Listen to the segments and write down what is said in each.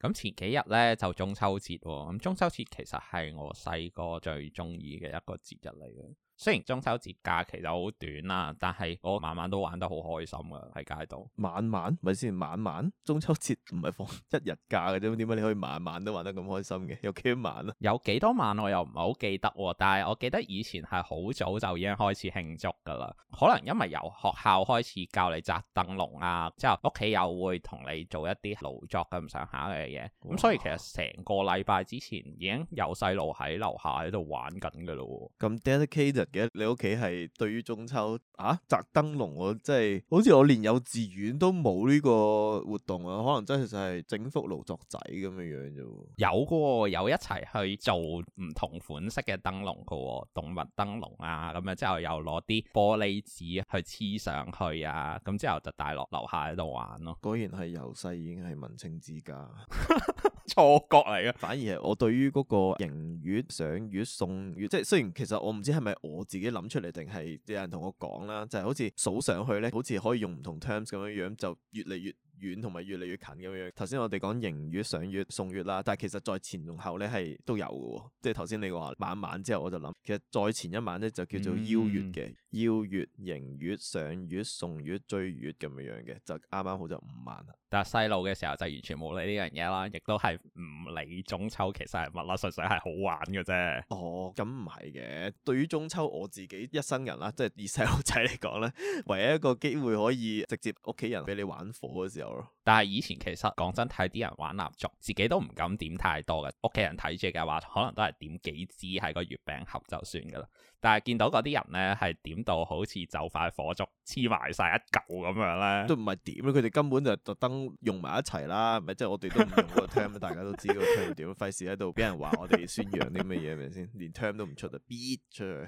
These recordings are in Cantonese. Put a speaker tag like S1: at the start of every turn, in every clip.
S1: 咁前幾日咧就中秋節，哦，咁中秋節其實係我細個最中意嘅一個節日嚟嘅。雖然中秋節假期就好短啦，但係我晚晚都玩得好開心啊，喺街度。
S2: 晚晚咪
S1: 先，晚晚中秋節唔係放 一日假嘅啫，點解你可以晚晚都玩得咁開心嘅？ 有幾晚啊？有幾多晚我又唔係好記得，哦，但係我記得以前係好早就已經開始慶祝噶啦。可能因為由學校開始教你紮燈籠啊，之後屋企又會同你做一啲勞作咁上下嘅嘢，咁哇所以其實成個禮拜之前已經有細路喺樓下喺度玩緊噶啦。
S2: 咁 dedicated。嘅，你屋企係對於中秋啊，摘燈籠我
S1: 真係，好似我連幼稚園都冇呢個活動啊，可能真係就係整幅勞作仔咁嘅樣啫。有過、哦，有一齊去做唔同款式嘅燈籠個喎、哦，動物燈籠啊，咁樣之後又攞啲玻璃紙去黐上去啊，咁之後就大落樓下喺度玩咯、哦。果然係由細已經係文青之家，
S2: 錯覺嚟嘅。反而係我對於嗰個迎月、賞月、送月，即係雖然其實我唔知係咪我。我自己諗出嚟定係有人同我講啦，就係、是、好似數上去咧，好似可以用唔同 terms 咁樣樣，就越嚟越遠同埋越嚟越近咁樣。頭先我哋講迎月、賞月、送月啦，但係其實再前同後咧係都有嘅、喔。即係頭先你話晚晚之後，我就諗其實再前一晚咧就叫做邀月嘅，邀、嗯、月、迎月、賞月、送
S1: 月、追月咁樣樣嘅，就啱啱好就五晚。但係細路嘅時候就完全冇理呢樣嘢啦，亦都係唔理中秋其實係乜啦，純粹係好玩嘅啫。哦，咁
S2: 唔係嘅，對於中秋我自己一生人啦，即係以細路仔嚟講咧，唯一一個機
S1: 會可以直接屋企人俾你玩火嘅時候咯。但係以前其實講真睇啲人玩蠟燭，自己都唔敢點太多嘅。屋企人睇住嘅話，可能都係點幾支喺個月餅盒就算嘅啦。但係見到嗰啲人咧，係點到好似就快火燭黐埋晒一嚿咁樣咧，都唔係點，佢哋根本就特登用埋一齊啦，唔係即係我哋都唔
S2: 用個 term， 大家都知道個 term 點， 費事喺度俾人話我哋宣揚啲乜嘢係咪先？連 term 都唔出就必出去。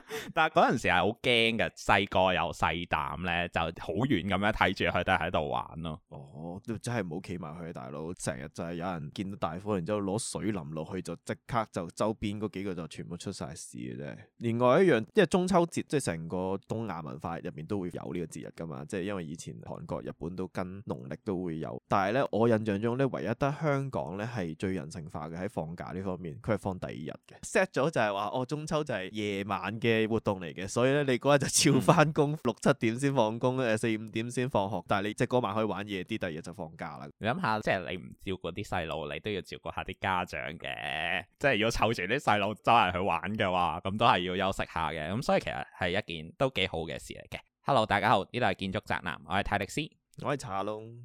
S1: 但係嗰陣時係好驚嘅，細個又細膽咧，就好遠咁樣睇住佢哋喺度玩咯。哦，都真係唔好企埋去，大佬
S2: 成日就係有人見到大火，然之後攞水淋落去，就即刻就周邊嗰幾個就全部出晒事嘅啫。另外一樣，因為中秋節即係成個東亞文化入面都會有呢個節日噶嘛，即係因為以前韓國、日本都跟農曆都會有，但係咧我印象中咧唯一得香港咧係最人性化嘅喺放假呢方面，佢係放第二日嘅 set 咗就係話哦，中秋就係夜晚嘅。嘅活動嚟嘅，所以咧你嗰日就照翻工，六七、嗯、點先放工，誒四五點先放學，但係你即係嗰晚可以玩夜啲，第二日就放假啦。你諗
S1: 下，即係你唔照顧啲細路，你都要照顧下啲家長嘅，即係要湊住啲細路周圍去玩嘅話，咁都係要休息下嘅。咁所以其實係一件都幾好嘅事嚟嘅。Hello，大家好，呢度係建築宅男，我係泰力斯，我係茶龍。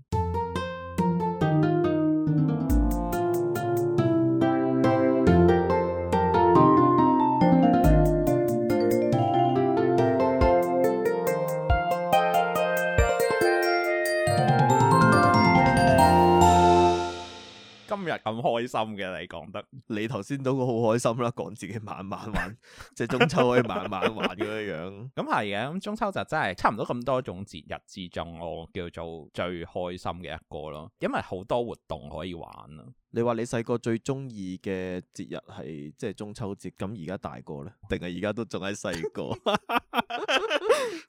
S1: 咁開心嘅，你講得 你頭先都好開心啦，講自己晚晚玩， 即係中秋可以晚晚玩咁樣樣。咁係嘅，咁中秋就真係差唔多咁多種節日之中，我叫做最開心嘅一個咯，因為好多活動可以玩啊。 你話你細個最中意嘅節日係即係中秋節，咁而家大個咧，定係而家都仲係細個？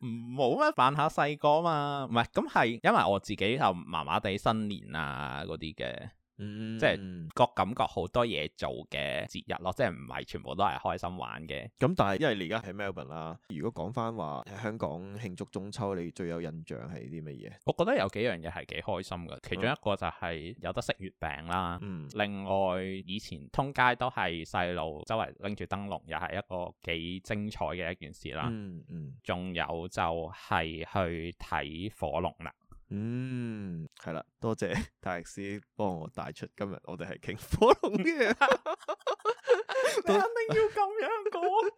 S1: 唔，冇咩，扮下細個嘛，唔係咁係，因為我自己就麻麻地新年啊嗰啲嘅。嗯，即係個感覺好多嘢做嘅節日咯，即係唔係全部都係開心玩嘅。咁、嗯、但係因為你而家喺 Melbourne 啦，
S2: 如果講翻話香港慶祝中秋，
S1: 你最有印象係啲乜嘢？我覺得有幾樣嘢係幾開心嘅，其中一個就係有得食月餅啦。嗯，另外、嗯、以前通街都係細路周圍拎住燈籠，又係一個幾精彩嘅一件事啦。嗯嗯，仲、嗯嗯、有就係去睇火龍啦。嗯，係啦，多謝大師幫
S2: 我帶出今日，我哋係傾火龍啲嘢。
S1: 你肯定要咁樣
S2: 講，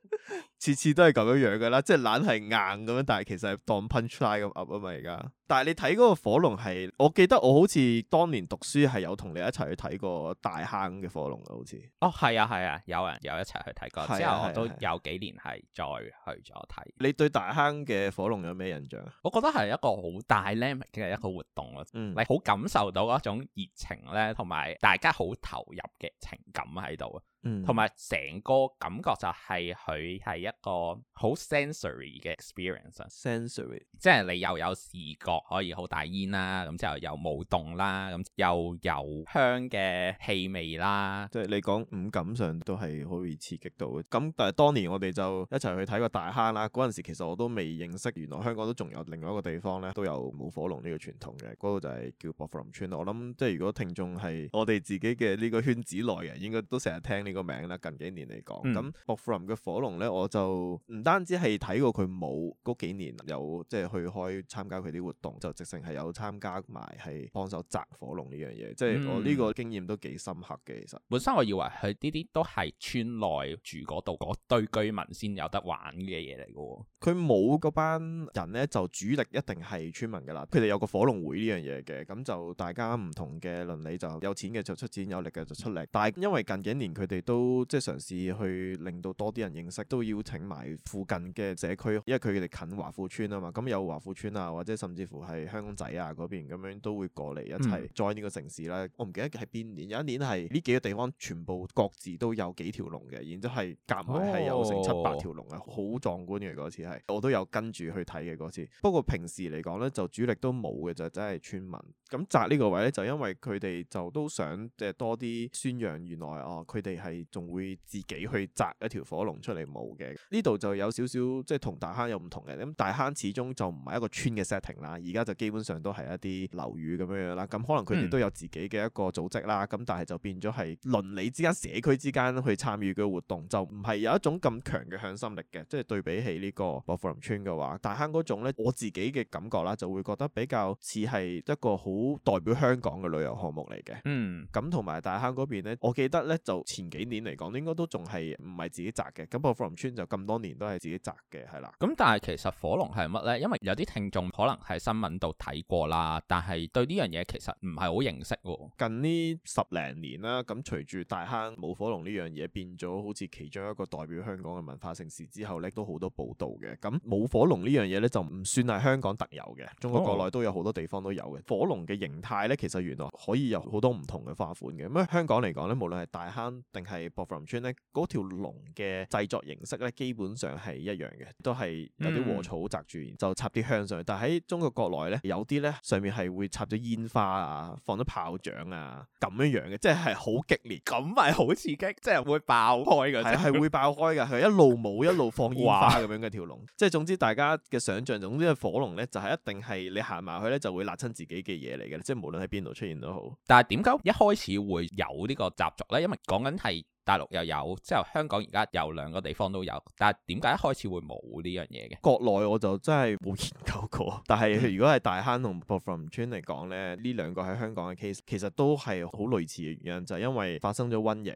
S2: 次都 次都係咁樣樣噶啦，即係懶係硬咁樣，但係其實係當 punchline 咁噏啊嘛而家。但係你睇嗰個火龍係，我記得我好似當年讀書係有同你一齊去睇過大坑嘅火龍噶，好似
S1: 哦，係啊係啊，有人有一齊去睇過，之後都有幾年係再去咗睇。啊啊啊啊、你對大坑嘅火龍有咩印象？我覺得係一個好大靚嘅一個活動咯，嗯、你好感受到一種熱情咧，同埋大家好投入嘅情感喺度啊。嗯，同埋成個感覺就係佢係一個好 sensory 嘅 experience，sensory，即係你又有視覺可以好大煙啦，咁之後又舞動啦，咁又有香嘅氣味啦，即係你講五感上都係可以刺激到
S2: 嘅。咁但係當年我哋就一齊去睇個大坑啦，嗰陣時其實我都未認識，原來香港都仲有另外一個地方咧都有舞火龍呢個傳統嘅，嗰個就係叫薄扶林村。我諗即係如果聽眾係我哋自己嘅呢個圈子內嘅，應該都成日聽呢。個名啦，近幾年嚟講，咁、嗯、薄扶林嘅火龍咧，我就唔單止係睇過佢冇嗰幾年有即係去開參加佢啲活動，就直情係有參加埋係幫手紮火龍呢樣嘢，嗯、即係我呢個
S1: 經驗都幾深刻嘅。其實本身我以為佢呢啲都係村內住嗰度嗰堆居民先有得玩嘅嘢嚟噶，
S2: 佢冇嗰班人咧就主力一定係村民噶啦，佢哋有個火龍會呢樣嘢嘅，咁就大家唔同嘅鄰里就有錢嘅就出錢，有力嘅就出力，嗯、但係因為近幾年佢哋。都即係嘗試去令到多啲人認識，都邀請埋附近嘅社區，因為佢哋近華富村啊嘛，咁有華富村啊，或者甚至乎係香港仔啊嗰邊，咁樣都會過嚟一齊 join 呢個城市咧。嗯、我唔記得係邊年，有一年係呢幾個地方全部各自都有幾條龍嘅，然之後係夾埋係有成七八條龍啊，好壯、哦、觀嘅嗰次係我都有跟住去睇嘅嗰次。不過平時嚟講咧，就主力都冇嘅就真係村民。咁扎呢個位咧，就因為佢哋就都想即係多啲宣揚原來哦，佢哋係。仲會自己去紮一條火龍出嚟舞嘅，呢度就有少少即係同大坑有唔同嘅。咁大坑始終就唔係一個村嘅 setting 啦，而家就基本上都係一啲樓宇咁樣樣啦。咁可能佢哋都有自己嘅一個組織啦。咁但係就變咗係鄰里之間社區之間去參與嘅活動，就唔係有一種咁強嘅向心力嘅。即係對比起呢個薄扶林村嘅話，大坑嗰種咧，我自己嘅感覺啦，就會覺得比較似係一個好代表香港嘅旅遊項目嚟嘅。嗯，咁同埋大坑嗰邊咧，我記得咧就前幾。年年嚟講，應該都仲係唔係自己摘
S1: 嘅？咁個 f r 村就咁多年都係自己摘嘅，係啦。咁但係其實火龍係乜呢？因為有啲聽眾可能係新聞度睇過啦，但係對呢樣嘢其實唔係好認識喎。近呢
S2: 十零年啦，咁隨住大坑冇火龍呢樣嘢，變咗好似其中一個代表香港嘅文化城市之後咧，都好多報道嘅。咁冇火龍呢樣嘢咧，就唔算係香港特有嘅，中國國內都有好多地方都有嘅。哦、火龍嘅形態咧，其實原來可以有好多唔同嘅花款嘅。咁香港嚟講咧，無論係大坑係薄扶林村咧，嗰條龍嘅製作形式咧，基本上係一樣嘅，都係有啲禾草紮住，就插啲香上去。但喺中國國內咧，有啲咧上面係會插咗煙花啊，放咗炮仗啊，咁樣樣嘅，即係好激烈，咁咪好刺激，即係會爆開噶，係係 會爆開噶，係一路冇一路放煙花咁樣嘅條龍。即係總之大家嘅想象，總之火龍咧
S1: 就係、是、一定係你行埋去咧就會辣親自己嘅嘢嚟嘅，即係無論喺邊度出現都好。但係點解一開始會有個習呢個習俗咧？因為講緊大陸又有，之後香港而家有兩個地方都有，但係點解一開始會冇呢樣嘢嘅？
S2: 國內我就真係冇研究過。但係如果係大坑同薄扶林村嚟講咧，呢兩個喺香港嘅 case 其實都係好類似嘅原因，就係、是、因為發生咗瘟疫。咁、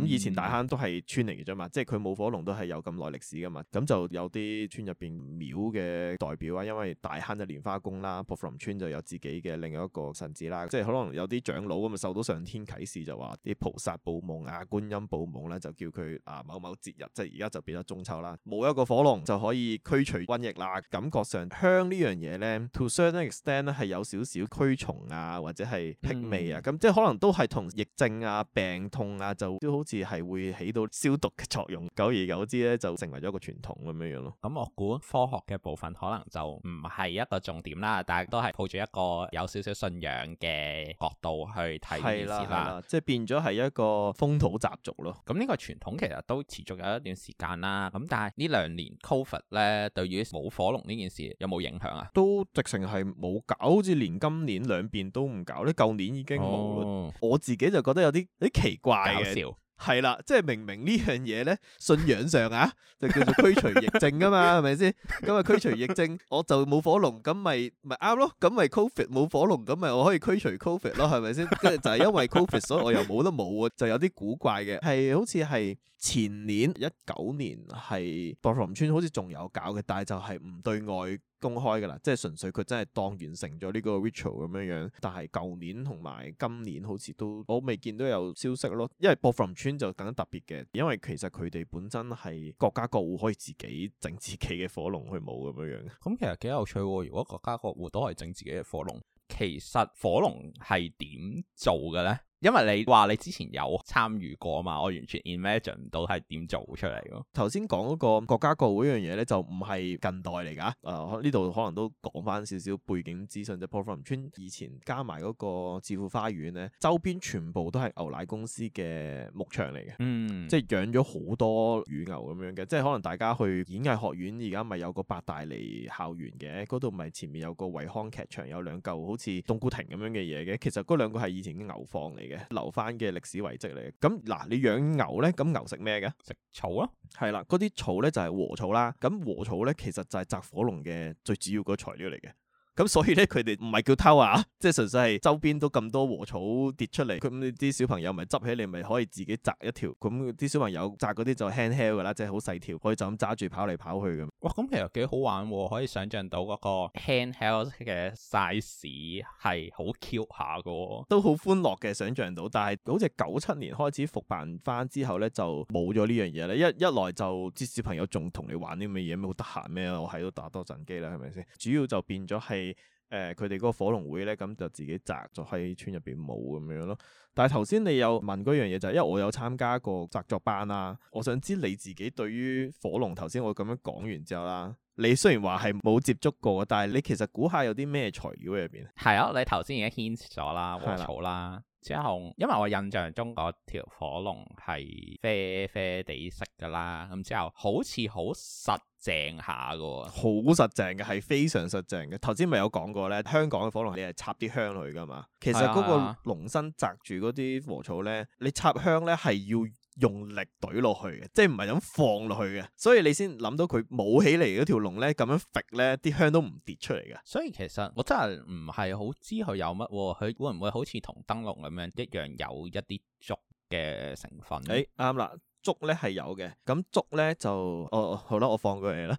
S2: 嗯、以前大坑都係村嚟嘅啫嘛，即係佢冇火龍都係有咁耐歷史噶嘛。咁就有啲村入邊廟嘅代表啊，因為大坑就蓮花宮啦，薄扶林村就有自己嘅另一個神祠啦。即係可能有啲長老咁啊，受到上天啟示就話啲菩薩報夢呀、啊、觀音。部門咧就叫佢啊某某節日，即係而家就變咗中秋啦。冇一個火龍就可以驅除瘟疫啦，感覺上香呢樣嘢咧，to certain extent 咧係有少少驅蟲啊，或者係辟味啊，咁、嗯啊、即係可能都係同疫症啊、病痛啊，就都好似係會起到消毒嘅作用。久而久之咧，就成為咗一個傳統咁樣樣咯。咁我估科學嘅部分可
S1: 能就唔係一個重點啦，但係都係抱住一個有少少信仰嘅角度去睇嘅啦。即係、就是、變咗係一個風土習俗。咯，咁呢個傳統其實都持續有一段時間啦。咁但係呢兩年 COVID 咧，對於冇火龍呢件事有冇影響啊？都
S2: 直成係冇搞，好似連今年兩邊都唔搞。呢舊年已經冇，哦、我自己就覺得有啲有啲奇怪嘅。搞笑係啦，即係明明呢樣嘢咧，信仰上啊，就叫做驅除疫症噶嘛，係咪先？咁啊驅除疫症，我就冇火龍，咁咪咪啱咯。咁咪 COVID 冇火龍，咁咪我可以驅除 COVID 咯，係咪先？即係就係因為 COVID，所以我又冇得冇啊，就有啲古怪嘅。係好似係前年一九年，係薄扶林村好似仲有搞嘅，但係就係唔對外。公開㗎喇，即係純粹佢真係當完成咗呢個 ritual 咁樣樣，但係舊年同埋今年好似都我未見到有消息咯，因為薄扶林村就更加特別嘅，因為其實佢哋本身係
S1: 各家各戶可以自己整自己嘅火龍去舞咁樣樣嘅。咁其實幾有趣喎！如果各家各戶都係整自己嘅火龍，其實火龍係點做嘅咧？因為你話你之前有參與過嘛，我完全 imagine 唔到係點做出嚟咯。
S2: 頭先講嗰個國家歌會樣嘢咧，就唔係近代嚟噶。誒、呃，呢度可能都講翻少少背景資訊。就薄扶林村以前加埋嗰個置富花園咧，周邊全部都係牛奶公司嘅牧場嚟嘅。嗯。即係養咗好多乳牛咁樣嘅，即係可能大家去演藝學院而家咪有個伯大尼校園嘅，嗰度咪前面有個惠康劇場，有兩嚿好似冬菇亭咁樣嘅嘢嘅。其實嗰兩個係以前啲牛房嚟。留翻嘅歷史遺跡嚟嘅，咁嗱你養牛咧，咁牛食咩嘅？食草啊，係啦的，嗰啲草咧就係、是、禾草啦，咁禾草咧其實就係紮火龍嘅最主要個材料嚟嘅。咁所以咧，佢哋唔係叫偷啊，即係純粹係周邊都咁多禾草跌出嚟，佢咁你啲小朋友咪執起你咪可以自己摘一條。咁啲小朋友摘嗰啲就 handheld hand 㗎啦，即係好細條，可以就咁揸住跑嚟跑去咁。
S1: 哇，咁其實幾好玩喎，可以想象到嗰個 handheld 嘅 size 係好 cute 下嘅，都好歡樂嘅，想
S2: 象到。但係好似九七年開始復辦翻之後咧，就冇咗呢樣嘢啦。一一來就啲小朋友仲同你玩啲咁嘅嘢咩，好得閒咩？我喺度打多陣機啦，係咪先？主要就變咗係。誒，佢哋嗰個火龍會咧，咁就自己紮咗喺村入邊冇咁樣咯。但係頭先你有問過嗰樣嘢，就係因為我有參加過紮作班啦，啊。我想知你自己對於火龍，頭先我咁樣講完之後啦，你雖然話係冇接觸過，但係你其實
S1: 估下有啲咩材料喺入邊？係啊， 你頭先已經牽涉咗啦，禾草啦。之後，因為我印象中嗰條火龍係啡啡地色噶啦，咁之後好似好實淨下噶，
S2: 好實淨嘅，係非常實淨嘅。頭先咪有講過咧，香港嘅火龍你係插啲香去噶嘛，其實嗰個龍身紮住嗰啲禾草咧，是啊是啊你插香咧係要。用力懟落去嘅，即係唔係咁放
S1: 落去嘅，所以你先諗到佢舞起嚟嗰條龍咧，咁樣揈咧，啲香都唔跌出嚟嘅。所以其實我真係唔係好知佢有乜，啊，佢會唔會好似同燈籠咁樣一樣有一啲燭嘅成分呢？誒啱啦。竹咧係有嘅，咁竹咧就，哦，好啦，我放過嚟啦，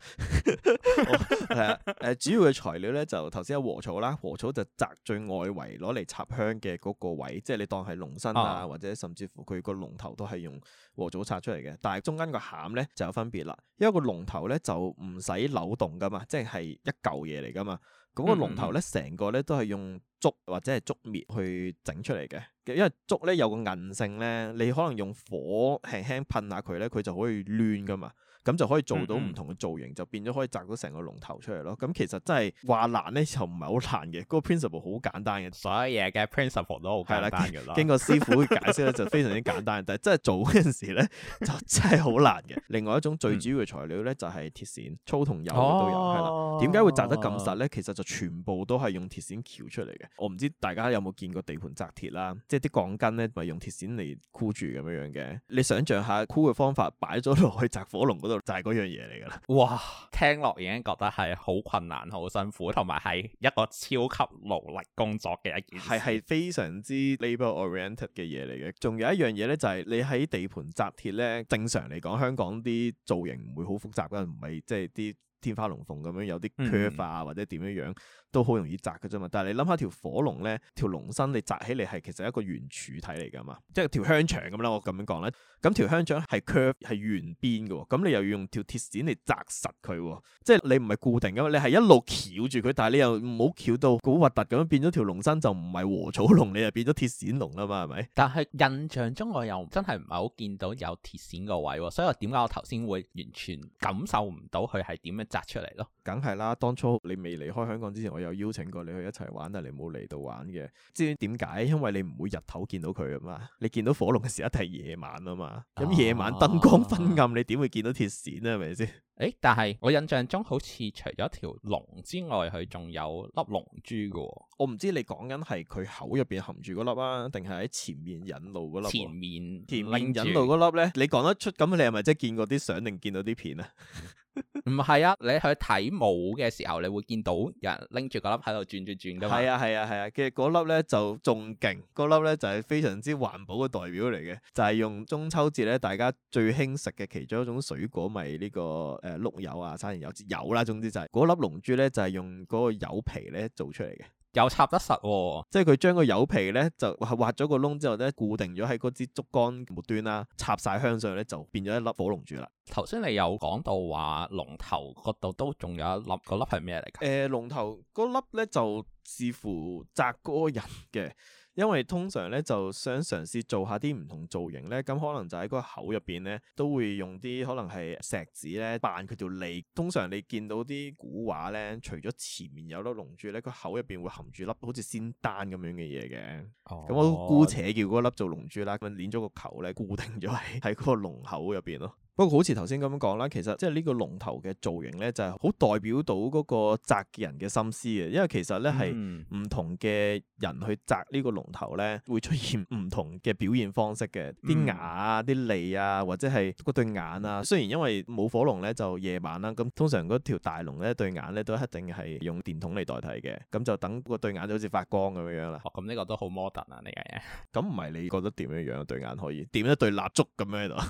S1: 係、 哦、啊，誒、呃、主要嘅材料咧
S2: 就頭先有禾草啦，禾草就摘最外圍攞嚟插香嘅嗰個位，即係你當係龍身啊，哦、或者甚至乎佢個龍頭都係用禾草插出嚟嘅，但係中間個餡咧就有分別啦，因為個龍頭咧就唔使扭動噶嘛，即係一嚿嘢嚟噶嘛。嗰個龍頭咧，成個咧都係用竹或者係竹篾去整出嚟嘅，因為竹咧有個韌性咧，你可能用火輕輕噴下佢咧，佢就可以攣㗎嘛。咁就可以做到唔同嘅造型，嗯嗯，就變咗可以紮到成個龍頭出嚟咯。咁其實真係話難咧，就唔係好難嘅。個 principle 好簡單嘅，所有嘢嘅 principle 都好簡單嘅啦。經過師傅解釋咧，就非常之簡單。 但係真係做嗰陣時咧，就真係好難嘅。另外一種最主要嘅材料咧，就係、是、鐵線， 粗同幼都有。係啦、哦，點解會紮得咁實咧？其實就全部都係用鐵線撬出嚟嘅。我唔知大家有冇見過地盤紮鐵啦，即係啲鋼筋咧，咪、就是、用鐵線嚟箍住咁樣樣嘅。你想象下箍嘅方法擺咗落去紮火
S1: 龍嗰度。就係嗰樣嘢嚟噶啦，
S2: 哇，
S1: 聽落已經覺得係好困難、好辛苦，同埋係一個超級勞力工作嘅一件，係係
S2: 非常之 labor oriented 嘅嘢嚟嘅。仲有一樣嘢咧，就係、是、你喺地盤紮鐵咧，正常嚟講，香港啲造型唔會好複雜噶，唔係即係啲天花龍鳳咁樣有啲缺乏或者點樣樣。都好容易紮嘅啫嘛，但係你諗下條火龍咧，條龍身你紮起嚟係其實一個圓柱體嚟噶嘛，即係條香腸咁啦。我咁樣講咧，咁條香腸係 curve 係圓邊嘅，咁你又要用條鐵線嚟紮實佢，即係你唔係固定噶嘛，你係一路翹住佢，但係你又
S1: 唔好翹到好核突咁樣，變咗條龍身就唔係禾草龍，你又變咗鐵線龍啦嘛，係咪？但係印象中我又真係唔係好見到有鐵線個位，所以我點解我頭先會完全感受唔到佢係點樣紮出嚟咯？梗係啦，當初你未離開香港之
S2: 前。有邀請過你去一齊玩，但係你冇嚟到玩嘅，至於點解？因為你唔會日頭見到佢
S1: 啊嘛，你見到火龍嘅時一睇夜晚啊嘛，咁夜、啊、晚燈光昏暗，你點會見到鐵線啊？係咪先？誒，但係我印象中好似除咗條龍之外，佢仲有粒龍珠嘅喎、哦。我唔知你講緊係佢口入邊含住嗰粒啊，定係喺前面引路嗰粒？前面前面引路嗰粒咧，你講得出咁？你係咪即係見過啲相定見到啲片啊？ 唔係 啊，你去睇舞嘅時候，你會見到有人拎住個粒喺度轉轉轉噶嘛。係啊係啊係啊，其實嗰粒咧就仲勁，嗰粒咧就係、是、非常
S2: 之環保嘅代表嚟嘅，就係、是、用中秋節咧大家最興食嘅其中一種水果咪呢、就是這個誒碌柚啊、沙田柚、柚啦、啊，總之就係嗰粒龍珠咧就係、是、用嗰個柚皮咧做出嚟嘅。
S1: 又插得實喎、啊，
S2: 即係佢將個柚皮咧就挖咗個窿之後咧，
S1: 固定咗喺嗰支竹竿末端啦，插晒香上咧就變咗一粒火龍珠啦。頭先你有講到話龍頭嗰度都仲有一粒，嗰粒係咩嚟
S2: 嘅？誒、呃，龍頭嗰粒咧就似乎窄過人嘅。因為通常咧就想嘗試做下啲唔同造型咧，咁可能就喺個口入邊咧都會用啲可能係石子咧扮佢條脷。通常你見到啲古畫咧，除咗前面有粒龍珠咧，佢口入邊會含住粒好似仙丹咁樣嘅嘢嘅。咁、哦、我都姑且叫嗰粒做龍珠啦，咁捻咗個球咧固定咗喺喺嗰個龍口入邊咯。不過好似頭先咁樣講啦，其實即係呢個龍頭嘅造型咧，就係好代表到嗰個紮人嘅心思嘅，因為其實咧係唔同嘅人去紮呢個龍頭咧，會出現唔同嘅表現方式嘅，啲、嗯、牙、啊、啲脷啊，或者係嗰對眼啊。雖然因為冇火龍咧，就夜晚啦，咁通常嗰條大龍咧對眼咧都一定係用電筒嚟代替嘅，咁就等個對眼就好似發光咁樣啦。哦，咁呢個都好 modern 啊，呢樣嘢。咁唔係你
S1: 覺得點樣樣對眼可以？點一對蠟燭咁樣咯？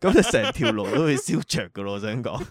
S1: 咁 條龍都會燒着噶咯，我想講，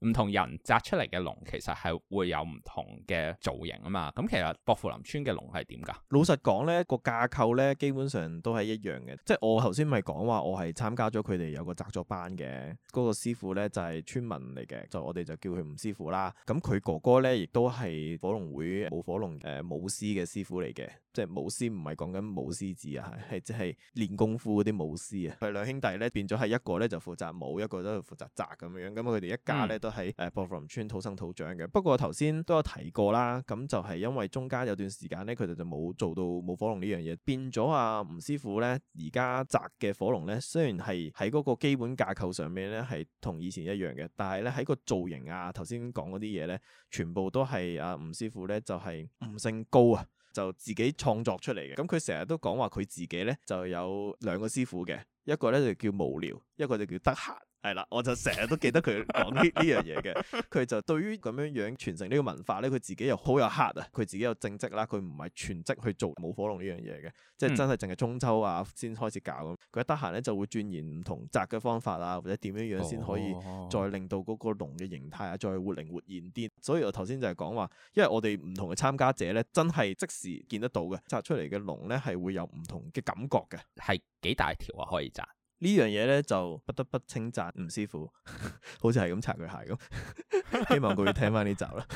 S1: 唔同人紮出嚟嘅龍其實係會有唔同嘅造型啊嘛。咁其實薄扶林村嘅龍係點噶
S2: 老實講咧，個架構咧基本上都係一樣嘅。即係我頭先咪講話，我係參加咗佢哋有個紮作班嘅，嗰、那個師傅咧就係、是、村民嚟嘅，就我哋就叫佢吳師傅啦。咁佢哥哥咧亦都係火龍會冇火龍誒舞師嘅師傅嚟嘅。即係舞獅唔係講緊舞獅子啊，係即係練功夫嗰啲舞獅啊。佢兩兄弟咧變咗係一個咧就負責舞，一個都係負責紮咁樣。咁佢哋一家咧都喺誒薄扶林村土生土長嘅。不過頭先都有提過啦，咁就係因為中間有段時間咧，佢哋就冇做到舞火龍呢樣嘢，變咗阿吳師傅咧而家紮嘅火龍咧，雖然係喺嗰個基本架構上面咧係同以前一樣嘅，但係咧喺個造型啊，頭先講嗰啲嘢咧，全部都係阿吳師傅咧就係悟性高啊！就自己創作出嚟嘅，咁佢成日都講話，佢自己咧就有兩個師傅嘅，一個咧就叫無聊，一個就叫得閒。係啦，我就成日都記得佢講呢呢樣嘢嘅。佢 就對於咁樣樣傳承呢個文化咧，佢自己又好有 heart 啊。佢自己有正職啦，佢唔係全職去做舞火龍呢樣嘢嘅，即係真係淨係中秋啊先開始搞。佢一得閒咧就會鑽研唔同紮嘅方法啊，或者點樣樣先可以再令到嗰個龍嘅形態啊再活靈活現啲。所以我頭先就係講話，因為我哋唔同嘅參加者咧，真係即時見得到嘅紮出嚟嘅龍咧，係會有唔同嘅感覺嘅。
S1: 係幾大條啊？可以紮。
S2: 呢樣嘢咧就不得不稱讚吳師傅， 好似係咁擦佢鞋咁， 希望佢會聽翻呢集啦。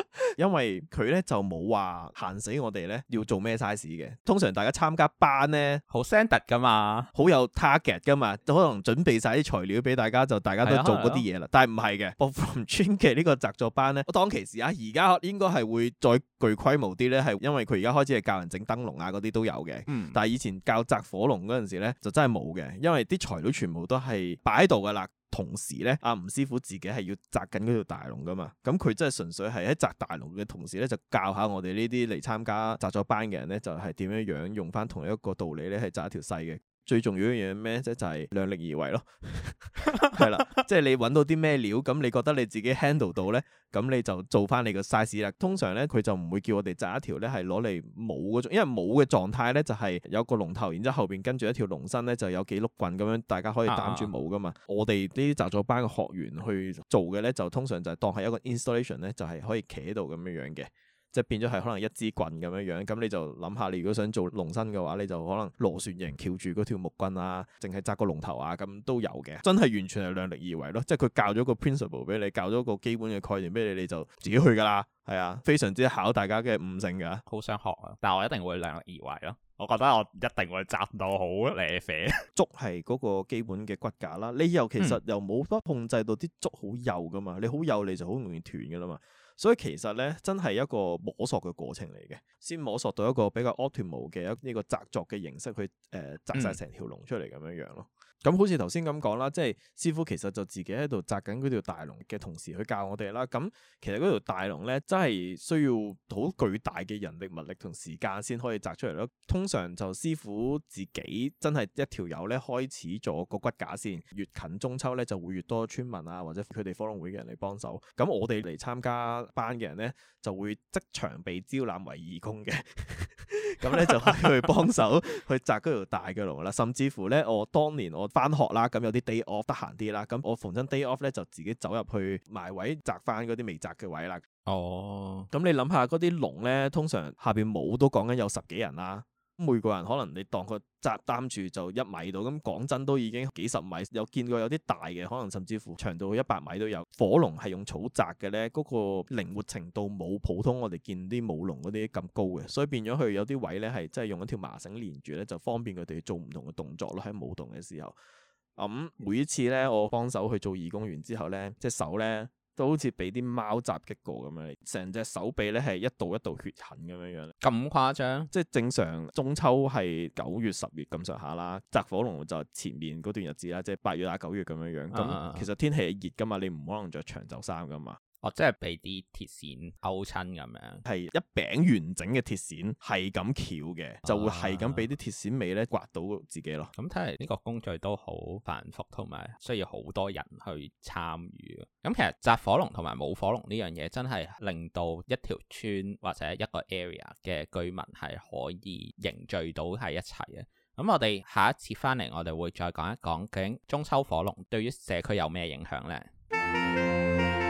S2: 因為佢咧就冇話限死我哋咧要做咩 size 嘅。通常大家參加班咧好 central 噶嘛，好有 target 噶嘛，就可能準備晒啲材料俾大家，就大家都做嗰啲嘢啦。但係唔係嘅，薄扶林村嘅呢個紮作班咧，當其時啊，而家應該係會再具規模啲咧，係因為佢而家開始係教人整燈籠啊嗰啲都有嘅。嗯，但係以前教紮火龍嗰陣時咧，就真係冇嘅，因為啲材料全部都係擺喺度噶啦。同時咧，阿吳師傅自己係要紮緊嗰條大龍噶嘛，咁佢真係純粹係喺紮大龍嘅同時咧，就教下我哋呢啲嚟參加紮作班嘅人咧，就係點樣樣用翻同一個道理咧，係紮一條細嘅。最重要一樣嘢咩？即就係、是、量力而為咯，係 啦了， 即係你搵到啲咩料，咁你覺得你自己 handle 到咧，咁你就做翻你個 size 啦。通常咧，佢就唔會叫我哋紮一條咧，係攞嚟舞嗰種，因為舞嘅狀態咧就係、是、有個龍頭，然之後後邊跟住一條龍身咧就有幾碌棍咁樣，大家可以擔住舞噶嘛。啊、我哋呢啲紮作班嘅學員去做嘅咧，就通常就係當係一個 installation 咧，就係可以企喺度咁樣樣嘅。即係變咗係可能一支棍咁樣樣，咁你就諗下，你如果想做龍身嘅話，你就可能螺旋形翹住嗰條木棍啊，淨係紮個龍頭啊，咁都有嘅。真係完全係量力而為咯，即係佢教咗個 principle 俾你，教咗個基本嘅概念俾你，你就自己去噶啦。係啊，非常之考大家嘅悟性噶。
S1: 好想學啊，但我一定會量力而為咯。我覺得我一定
S2: 會紮到好肥。竹係嗰個基本嘅骨架啦，你又其實、嗯、又冇得控制到啲竹好幼噶嘛，你好幼，你就好容易斷噶啦嘛。所以其實咧，真係一個摸索嘅過程嚟嘅，先摸索到一個比較惡天無嘅一呢個紮作嘅形式去，佢誒紮晒成條龍出嚟咁樣樣咯。嗯。咁好似頭先咁講啦，即係師傅其實就自己喺度扎緊嗰條大龍嘅同時去教我哋啦。咁其實嗰條大龍咧，真係需要好巨大嘅人力物力同時間先可以扎出嚟咯。通常就師傅自己真係一條友咧開始做個骨架先，越近中秋咧就會越多村民啊或者佢哋火龍會嘅人嚟幫手。咁我哋嚟參加班嘅人咧，就會即場被招攬為義工嘅。咁 咧就可以去幫手 去扎嗰條大嘅龍啦。甚至乎咧，我當年我。返學啦，咁有啲 day off 得閒啲啦，咁我逢親 day off 咧就自己走入去埋位摘翻嗰啲未摘嘅位啦。哦，咁你諗下嗰啲龍咧，通常下邊冇都講緊有十幾人啦。每個人可能你當佢扎擔住就一米度，咁講真都已經幾十米。有見過有啲大嘅，可能甚至乎長到一百米都有。火龍係用草紮嘅咧，嗰個靈活程度冇普通我哋見啲舞龍嗰啲咁高嘅，所以變咗佢有啲位咧係真係用一條麻繩連住咧，就方便佢哋做唔同嘅動作咯，喺舞動嘅時候。咁、嗯、每一次咧，我幫手去做義工完之後咧，隻手咧。都好似俾啲貓襲擊過咁樣，成隻手臂咧係一道一道血痕咁樣樣，咁誇張？即係正常中秋係九月十月咁上下啦，紮火龍就前面嗰段日子啦，即係八月啊九月咁樣樣。咁其實天氣係熱噶嘛，你唔可能着長袖衫噶嘛。
S1: 哦，即係俾啲鐵線勾親咁樣，係一餅完整嘅鐵線係咁翹嘅，就會係咁俾啲鐵線尾咧刮到自己咯。咁睇嚟呢個工序都好繁複，同埋需要好多人去參與。咁其實紮火龍同埋舞火龍呢樣嘢，真係令到一條村或者一個 area 嘅居民係可以凝聚到喺一齊啊。咁我哋下一次翻嚟，我哋會再講一講究竟中秋火龍對於社區有咩影響呢？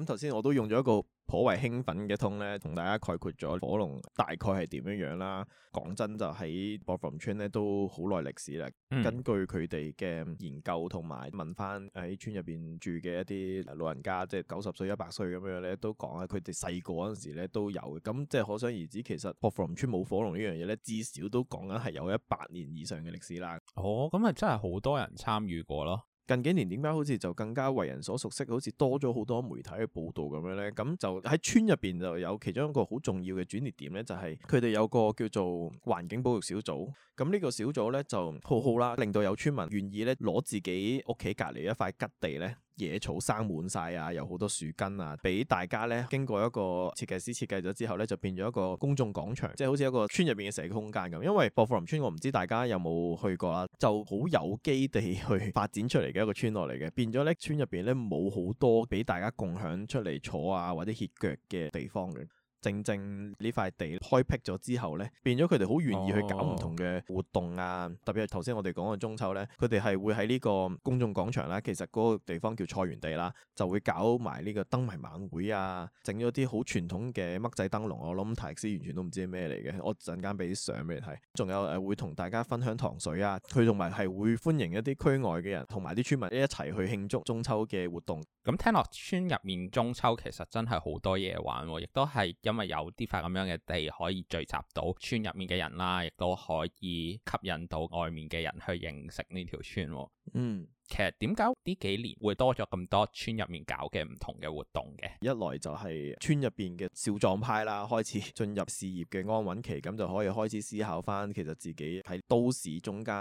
S2: 咁頭先我都用咗一個頗為興奮嘅通咧，同大家概括咗火龍大概係點樣樣啦。講真就，就喺薄扶林村咧都好耐歷史啦。嗯、根據佢哋嘅研究同埋問翻喺村入邊住嘅一啲老人家，即係九十歲、一百歲咁樣咧，都講啊，佢哋細個嗰陣時咧都有嘅。咁即係可想而知，其實薄扶林村冇火龍呢樣嘢咧，至少都講緊係有一百年以上嘅歷史啦。哦，咁係真係好多人參與過咯。近幾年點解好似就更加為人所熟悉，好似多咗好多媒體嘅報道咁樣呢？咁就喺村入邊就有其中一個好重要嘅轉捩點呢，就係佢哋有個叫做環境保育小組。咁呢個小組呢，就好好啦，令到有村民願意呢攞自己屋企隔離一塊吉地呢。野草生滿晒啊，有好多樹根啊，俾大家咧，經過一個設計師設計咗之後咧，就變咗一個公眾廣場，即係好似一個村入邊嘅社區空間咁。因為薄扶林村，我唔知大家有冇去過啊，就好有機地去發展出嚟嘅一個村落嚟嘅，變咗咧村入邊咧冇好多俾大家共享出嚟坐啊或者歇腳嘅地方嘅。正正呢塊地開闢咗之後呢，變咗佢哋好願意去搞唔同嘅活動啊！哦、特別係頭先我哋講嘅中秋呢，佢哋係會喺呢個公眾廣場啦。其實嗰個地方叫菜園地啦，就會搞埋呢個燈謎晚會啊，整咗啲好傳統嘅乜仔燈籠，我諗泰斯完全都唔知咩嚟嘅，我陣間俾啲相俾你睇。仲有誒會同大家分享糖水啊，佢同埋係
S1: 會歡迎一啲區外嘅人同埋啲村民一齊去慶祝中秋嘅活動。咁、嗯、聽落村入面中秋其實真係好多嘢玩、哦，亦都係。咁啊有啲塊咁樣嘅地可以聚集到村入面嘅人啦，亦都可以吸引到外面嘅人去認識呢條村啊。嗯。其實點解呢幾年會多咗咁多村入面搞嘅唔同嘅活動嘅？一來就係
S2: 村入邊嘅少壯派啦，開始進入事業嘅安穩期，咁就可以開始思考返，其實自己喺都市中間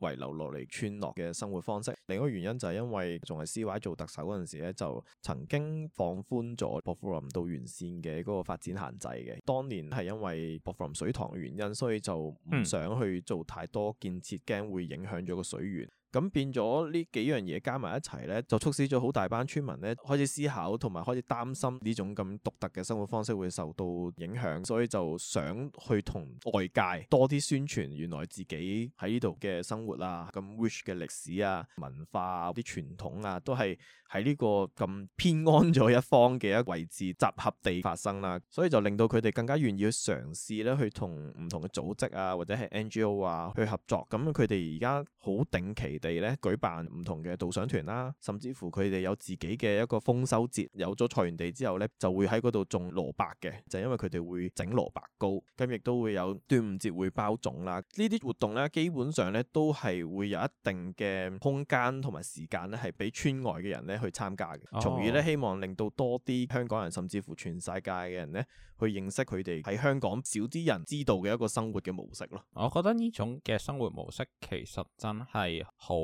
S2: 遺留落嚟村落嘅生活方式。另一個原因就係因為仲係 CY 做特首嗰陣時咧，就曾經放寬咗薄扶林到完善嘅嗰個發展限制嘅。當年係因為薄扶林水塘嘅原因，所以就唔想去做太多建設，驚、嗯、會影響咗個水源。咁變咗呢幾樣嘢加埋一齊咧，就促使咗好大班村民咧，開始思考同埋開始擔心呢種咁獨特嘅生活方式會受到影響，所以就想去同外界多啲宣傳原來自己喺呢度嘅生活啊，咁 rich 嘅歷史啊、文化啊、啲傳統啊，都係喺呢個咁偏安咗一方嘅一位置集合地發生啦，啊，所以就令到佢哋更加願意去嘗試咧，去同唔同嘅組織啊或者係 NGO 啊去合作，咁佢哋而家好定期。地咧舉辦唔同嘅導賞團啦，甚至乎佢哋有自己嘅一個豐收節，有咗菜園地之後咧，就會喺嗰度種蘿蔔嘅，就係、因為佢哋會整蘿蔔糕，咁亦都會有端午節會包粽啦。呢啲活動咧，基本上咧都係會有一定嘅空間同埋時間咧，係俾村外嘅人咧去參加嘅，哦、從而咧希望令到多啲香港人，甚至乎全世界嘅人咧去認識佢哋喺香港少啲人知道嘅一個生活嘅模式咯。
S1: 我覺得呢種嘅生活模式其實真係。好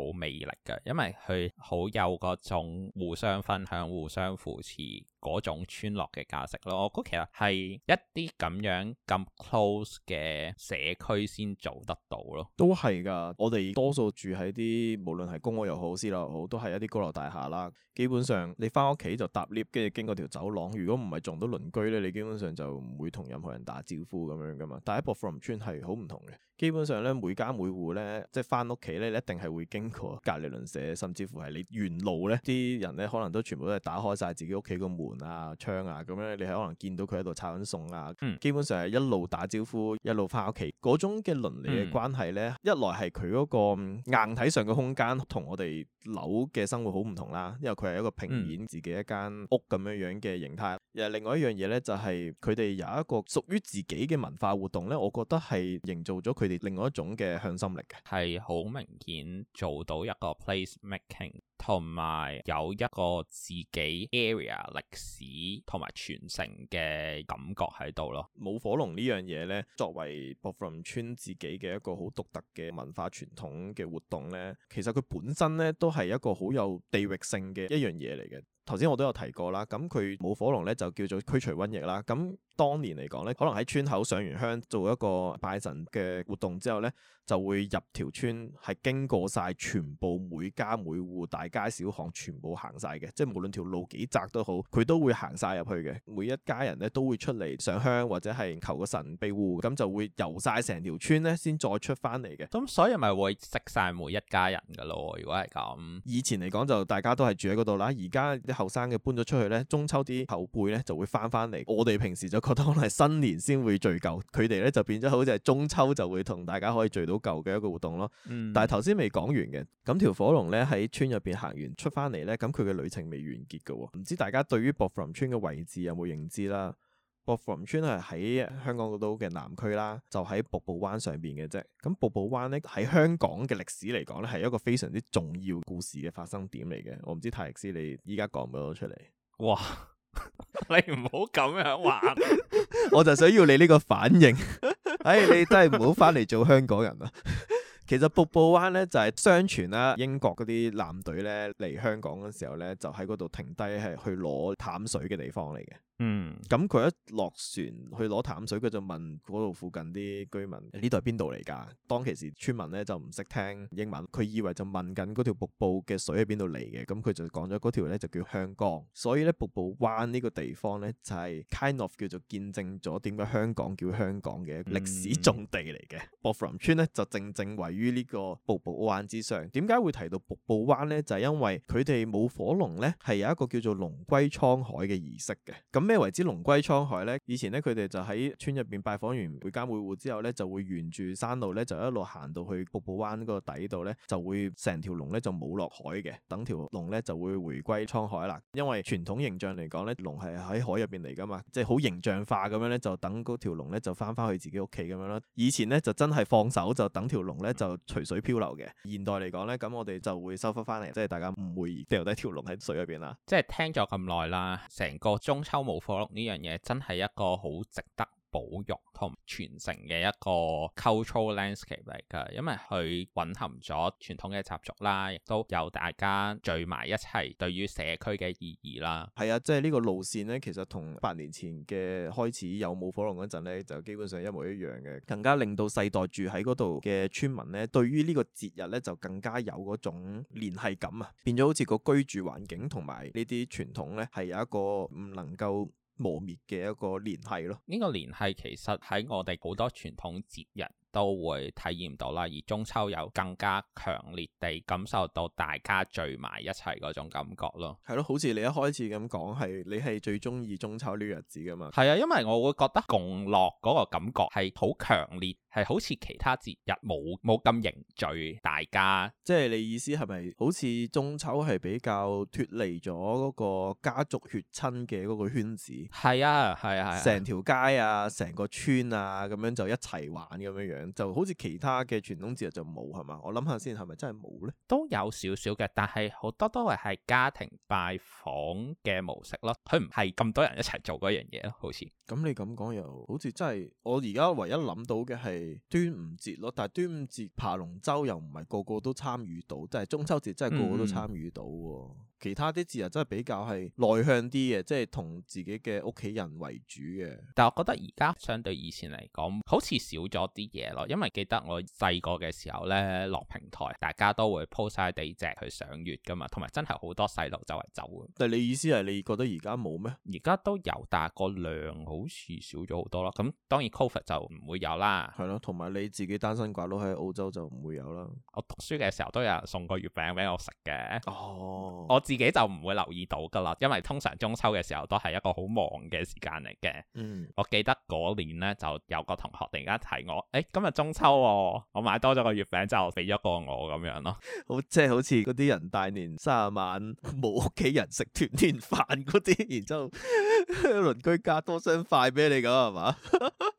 S1: 有魅力嘅，因為佢好有嗰種互相分享、互相扶持。嗰種村落嘅價值咯，我覺得其實係一啲咁樣咁 close 嘅社區先做得到咯。
S2: 都係㗎，我哋多數住喺啲無論係公屋又好，私樓又好，都係一啲高樓大廈啦。基本上你翻屋企就搭 lift，跟住經過條走廊。如果唔係撞到鄰居咧，你基本上就唔會同任何人打招呼咁樣㗎嘛。但係薄扶林村係好唔同嘅，基本上咧每家每戶咧，即係翻屋企咧，你一定係會經過隔離鄰舍，甚至乎係你沿路咧啲人咧，可能都全部都係打開晒自己屋企個門。啊窗啊咁樣，你可能見到佢喺度炒緊餸啊，嗯、基本上係一路打招呼，一路翻屋企嗰種嘅鄰里嘅關係呢，嗯、一來係佢嗰個硬體上嘅空間同我哋樓嘅生活好唔同啦，因為佢係一個平面自己一間屋咁樣樣嘅形態。誒、嗯，另外一樣嘢呢，就係佢哋有一個屬於自己嘅文化活動呢，我覺得係營造咗佢哋另外一種嘅向心力嘅，
S1: 係好明顯做到一個 place making。同埋有一個自己 area 歷史同埋傳承嘅感覺喺度咯。舞火龍
S2: 呢樣嘢呢，作為薄扶林村自己嘅一個好獨特嘅文化傳統嘅活動呢，其實佢本身呢都係一個好有地域性嘅一樣嘢嚟嘅。頭先我都有提過啦，咁佢舞火龍呢，就叫做驅除瘟疫啦，咁。當年嚟講咧，可能喺村口上完香，做一個拜神嘅活動之後咧，就會入條村，係經過晒全部每家每戶，大街小巷全部行晒嘅，即係無論條路幾窄都好，佢都會行晒入去嘅。每一家人咧都會出嚟上香或者係求個神庇護，咁就會遊晒成條村咧，先再出翻嚟嘅。咁所以咪會識晒
S1: 每一家人噶咯。如果係咁，
S2: 以前嚟講就大家都係住喺嗰度啦，而家啲後生嘅搬咗出去咧，中秋啲後輩咧就會翻翻嚟。我哋平時就～覺得可能係新年先會聚舊，佢哋咧就變咗好似係中秋就會同大家可以聚到舊嘅一個活動咯。嗯、但係頭先未講完嘅，咁條火龍咧喺村入邊行完出翻嚟咧，咁佢嘅旅程未完結嘅喎。唔知大家對於薄扶林村嘅位置有冇認知啦？薄扶林村係喺香港度嘅南區啦，就喺瀑布灣上邊嘅啫。咁瀑布灣咧喺香港嘅歷史嚟講咧，係一個非常之重要故事嘅發生點嚟嘅。我唔知泰迪斯你依家講唔講到出嚟？哇！
S1: 你唔好咁樣玩，
S2: 我就想要你呢個反應。 哎，你真係唔好翻嚟做香港人啦！ 其實瀑布灣咧就係、是、相傳啦，英國嗰啲艦隊咧嚟香港嘅時候咧，就喺嗰度停低係去攞淡水嘅地方嚟嘅。嗯，咁佢一落船去攞淡水，佢就問嗰度附近啲居民：呢度係邊度嚟㗎？當其時村民咧就唔識聽英文，佢以為就問緊嗰條瀑布嘅水喺邊度嚟嘅，咁佢就講咗嗰條咧就叫香江。所以咧瀑布灣呢個地方咧就係、是、kind of 叫做見證咗點解香港叫香港嘅歷史重地嚟嘅。嗯、薄扶林村咧就正正，正為於呢個瀑布灣之上，點解會提到瀑布灣咧？就係因為佢哋舞火龍咧，係有一個叫做龍歸滄海嘅儀式嘅。咁咩為之龍歸滄海咧？以前咧佢哋就喺村入邊拜訪完每間每戶之後咧，就會沿住山路咧就一路行到去瀑布灣個底度咧，就會成條龍咧就舞落海嘅，等條龍咧就會回歸滄海啦。因為傳統形象嚟講咧，龍係喺海入邊嚟噶嘛，即係好形象化咁樣咧，就等嗰條龍咧就翻翻去自己屋企咁樣咯。以前咧就真係放手就等條龍咧就。就隨水漂流嘅，現代嚟講呢，咁我哋就會收翻返嚟，即係大家唔會掉低條龍喺水入邊啦。
S1: 即係聽咗咁耐啦，成個中秋冇火龍呢樣嘢真係一個好值得保育同傳承嘅一個 cultural landscape 嚟噶，因為佢蘊含咗傳統嘅習俗啦，亦都有大家聚埋一齊對於社區嘅意義啦。
S2: 係啊，即係呢個路線咧，其實同八年前嘅開始有舞火龍嗰陣咧，就基本上一模一樣嘅，更加令到世代住喺嗰度嘅村民咧，對於呢個節日咧，就更加有嗰種聯繫感啊，變咗好似個居住環境同埋呢啲傳統咧，係有一個唔能夠磨滅
S1: 嘅一個聯繫咯，呢個聯繫其實喺我哋好多傳統節日，都會體驗到啦，而中秋又更加強烈地感受到大家聚埋一齊嗰種感覺咯。
S2: 係咯，好似你一開始咁講，係你係最中意中秋呢日子噶嘛？係啊，因
S1: 為我會覺得共樂嗰個感覺係好強烈，係好似其他節日冇冇咁凝聚大家。
S2: 即係你意思係咪好似中秋係比較脫離咗嗰個家族血親嘅嗰個圈子？係啊，係啊，係啊，成條街啊，成個村
S1: 啊，咁樣就一齊玩咁樣樣。
S2: 就好似其他嘅傳統節日就冇係嘛？我諗下先，係咪
S1: 真係冇呢？都有少少嘅，但係好多都係係家庭拜訪嘅模式咯。佢唔係咁多人一齊做嗰樣嘢咯，好似。
S2: 咁你咁講又好似真係，我而家唯一諗到嘅係端午節咯。但係端午節爬龍舟又唔係個個都參與到，即係中秋節真係個個都參與到。嗯。其他啲字又真係比較係內
S1: 向啲嘅，即係同自己嘅屋企人為主嘅。但係我覺得而家相對以前嚟講，好似少咗啲嘢咯。因為記得我細個嘅時候咧，落平台大家都會鋪晒地席去賞月㗎嘛，同埋真係好多細路周圍走。但係你意思係你覺得而家冇咩？而家都有，但係個量好似少咗好多咯。咁當然 COVID 就唔會有啦。係咯，同埋你自己單身寡佬喺澳洲就唔會有啦。我讀書嘅時候都有人送個月餅俾我食嘅。哦，我自己就唔會留意到噶啦，因為通常中秋嘅時候都係一個好忙嘅時間嚟嘅。嗯、我記得嗰年咧，就有個同學突然間提我，誒、欸，今日中秋喎、啊，我買多咗個月餅就俾咗個我咁樣咯、啊。好，即係好似嗰啲人大年卅晚冇屋企人食團年飯嗰啲，然之後鄰 居家多雙筷俾你咁係嘛？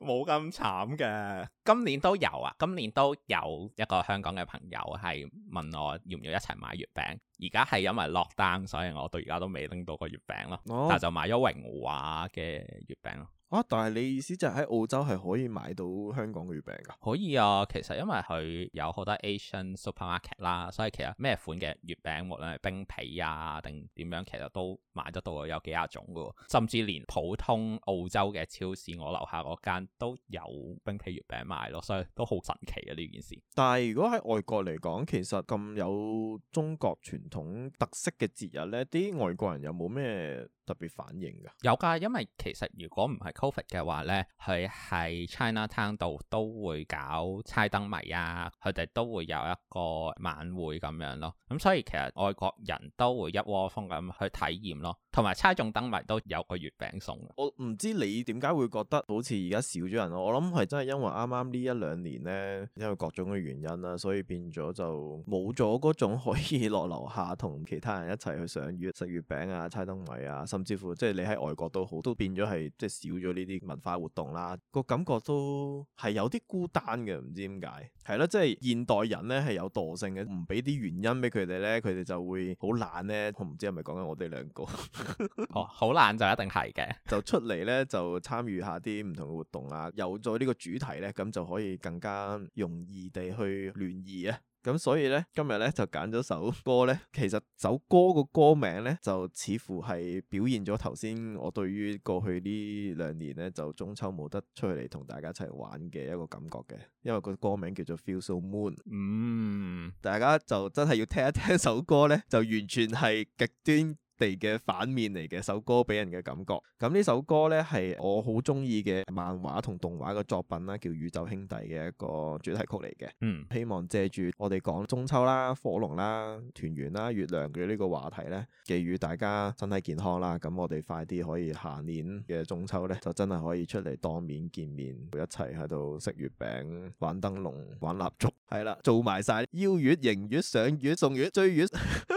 S1: 冇咁慘嘅，今年都有啊！今年都有一個香港嘅朋友係問我要唔要一齊買月餅，而家係因為落單，所以我到而家都未拎到個月餅咯，oh. 但就買咗榮華嘅月餅咯。
S2: 啊！但係你意思就喺澳洲係可以買到香港月餅噶？
S1: 可以啊，其實因為佢有好多 Asian supermarket 啦，所以其實咩款嘅月餅，無論係冰皮啊定點樣，其實都買得到，有幾廿種噶。甚至連普通澳洲嘅超市，我樓下嗰間都有冰皮月餅賣咯，所以都好神奇嘅、啊、呢件事。
S2: 但係如果喺外國嚟講，其實咁有中國傳統特色嘅節日咧，啲外國人
S1: 有冇咩？特別反應㗎。有㗎，因為其實如果唔係 COVID 嘅話咧，佢喺 China Town 度都會搞猜燈謎啊，佢哋都會有一個晚會咁樣咯。咁所以其實外國人都會一窩蜂咁去體驗咯，同埋猜中燈謎都有個月餅送。我
S2: 唔知你點解會覺得好似而家少咗人咯。我諗係真係因為啱啱呢一兩年咧，因為各種嘅原因啦，所以變咗就冇咗嗰種可以落樓下同其他人一齊去賞月、食月餅啊、猜燈謎啊。甚至乎即係你喺外國都好，都變咗係即係少咗呢啲文化活動啦，個感覺都係有啲孤單嘅，唔知點解係啦。即係現代人咧係有惰性嘅，唔俾啲原因俾佢哋咧，佢哋就會好懶咧。我唔知係咪講緊我哋兩個 哦，好懶就一定係嘅， 就出嚟咧就參與下啲唔同嘅活動啦。有咗呢個主題咧，咁就可以更加容易地去聯誼啊。咁所以咧，今日咧就揀咗首歌咧，其實首歌個歌名咧就似乎係表現咗頭先我對於過去呢兩年咧就中秋冇得出嚟同大家一齊玩嘅一個感覺嘅，因為個歌名叫做 Feel So Moon。嗯，大家就真係要聽一聽首歌咧，就完全係極端。地嘅反面嚟嘅首歌俾人嘅感覺，咁呢首歌呢，係我好中意嘅漫畫同動畫嘅作品啦，叫《宇宙兄弟》嘅一個主題曲嚟嘅。嗯，希望借住我哋講中秋啦、火龍啦、團圓啦、月亮嘅呢個話題呢，寄語大家身體健康啦。咁我哋快啲可以下年嘅中秋呢，就真係可以出嚟當面見面，一齊喺度食月餅、玩燈籠、玩蠟燭，
S1: 係啦，做埋晒邀月、迎月、賞月、送月、追月。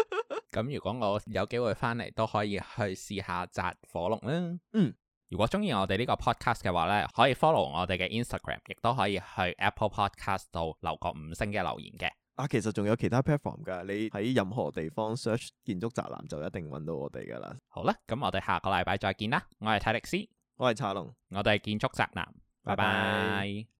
S1: 咁如果我有機會翻嚟都可以去試下紮火龍啦。嗯，如果中意我哋呢個 podcast 嘅話呢，可以 follow 我哋嘅 Instagram，亦都可以去 Apple Podcast 度留個五星嘅留言嘅。啊，
S2: 其實仲有其他 platform 噶，你
S1: 喺任何地方
S2: search 建築宅男就一定搵到我哋噶啦。
S1: 好啦，咁我哋下個禮拜再見啦。我係泰力斯，我係茶龍，我哋係建築宅男，拜拜 bye。Bye bye